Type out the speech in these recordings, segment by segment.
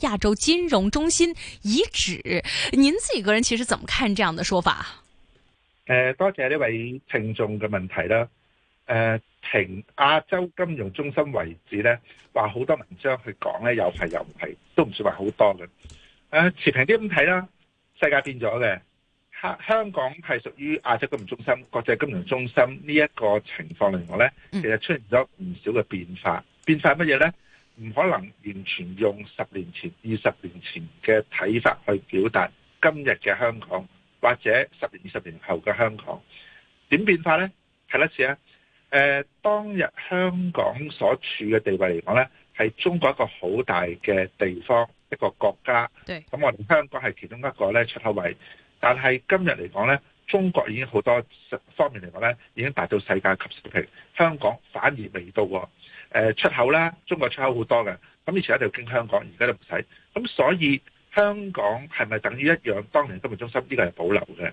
亞洲金融中心遺址，您自己個人其實怎麼看這樣的說法？誒、呃，多謝呢位聽眾嘅問題啦。誒、呃，評亞洲金融中心位置咧，話好多文章去講咧，又係又唔係，都唔算話好多嘅。誒、呃，持平啲咁睇啦，世界變咗嘅。香香港係屬於亞洲金融中心、國際金融中心呢一個情況嚟，我、嗯、咧其實出現咗唔少嘅變化。變化乜嘢咧？唔可能完全用十年前、二十年前嘅睇法，去表達今日嘅香港，或者十年、二十年後嘅香港點變化咧？係啦，先啊。誒、呃，當日香港所處嘅地位嚟講咧，係中國一個好大嘅地方，一個國家。對。咁我哋香港係其中一個咧，出口位，但係今日嚟講咧，中國已經好多方面嚟講咧，已經達到世界級水平，香港反而未到。誒出口啦，中國出口好多嘅，咁以前一定要經香港，而家都唔使。咁所以香港係咪等於一樣？當年金融中心呢個係保留嘅。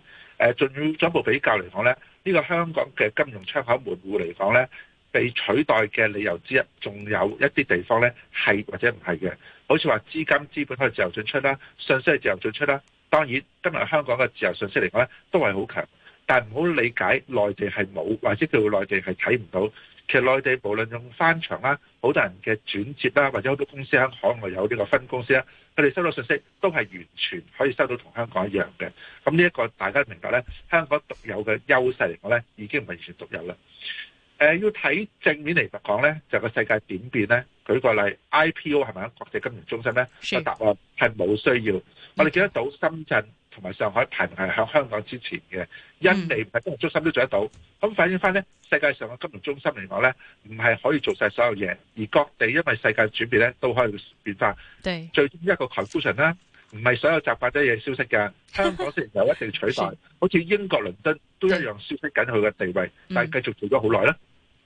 誒，仲要進一步比較嚟講呢，呢個香港嘅金融窗口門戶嚟講呢，被取代嘅理由之一，仲有一啲地方呢係或者唔係嘅。好似話資金資本可以自由進出啦，信息係自由進出啦。當然今日香港嘅自由信息嚟講呢，都係好強，但唔好理解內地係冇，或者叫內地係睇唔到。其實內地無論用翻牆啦，好多人嘅轉接啦，或者好多公司喺海外有呢個分公司啦，佢哋收到信息都係完全可以收到同香港一樣嘅。咁呢一個大家明白咧，香港獨有嘅優勢嚟講咧，已經唔係完全獨有啦。誒、呃，要睇正面嚟講咧，就個世界點變咧？舉個例，IPO 係咪喺國際金融中心咧？答案係冇需要。我哋記得到深圳。同埋上海排名係響香港之前嘅，因地唔係金融中心都做得到，咁、嗯、反映翻咧，世界上嘅金融中心嚟講咧，唔係可以做晒所有嘢，而各地因為世界轉變咧，都可以變化。對，最終一個 conclusion 啦、啊，唔係所有習慣者嘢消失嘅。香港雖然有一定取代， 好似英國倫敦都一樣，消失緊佢嘅地位，嗯、但係繼續做咗好耐啦。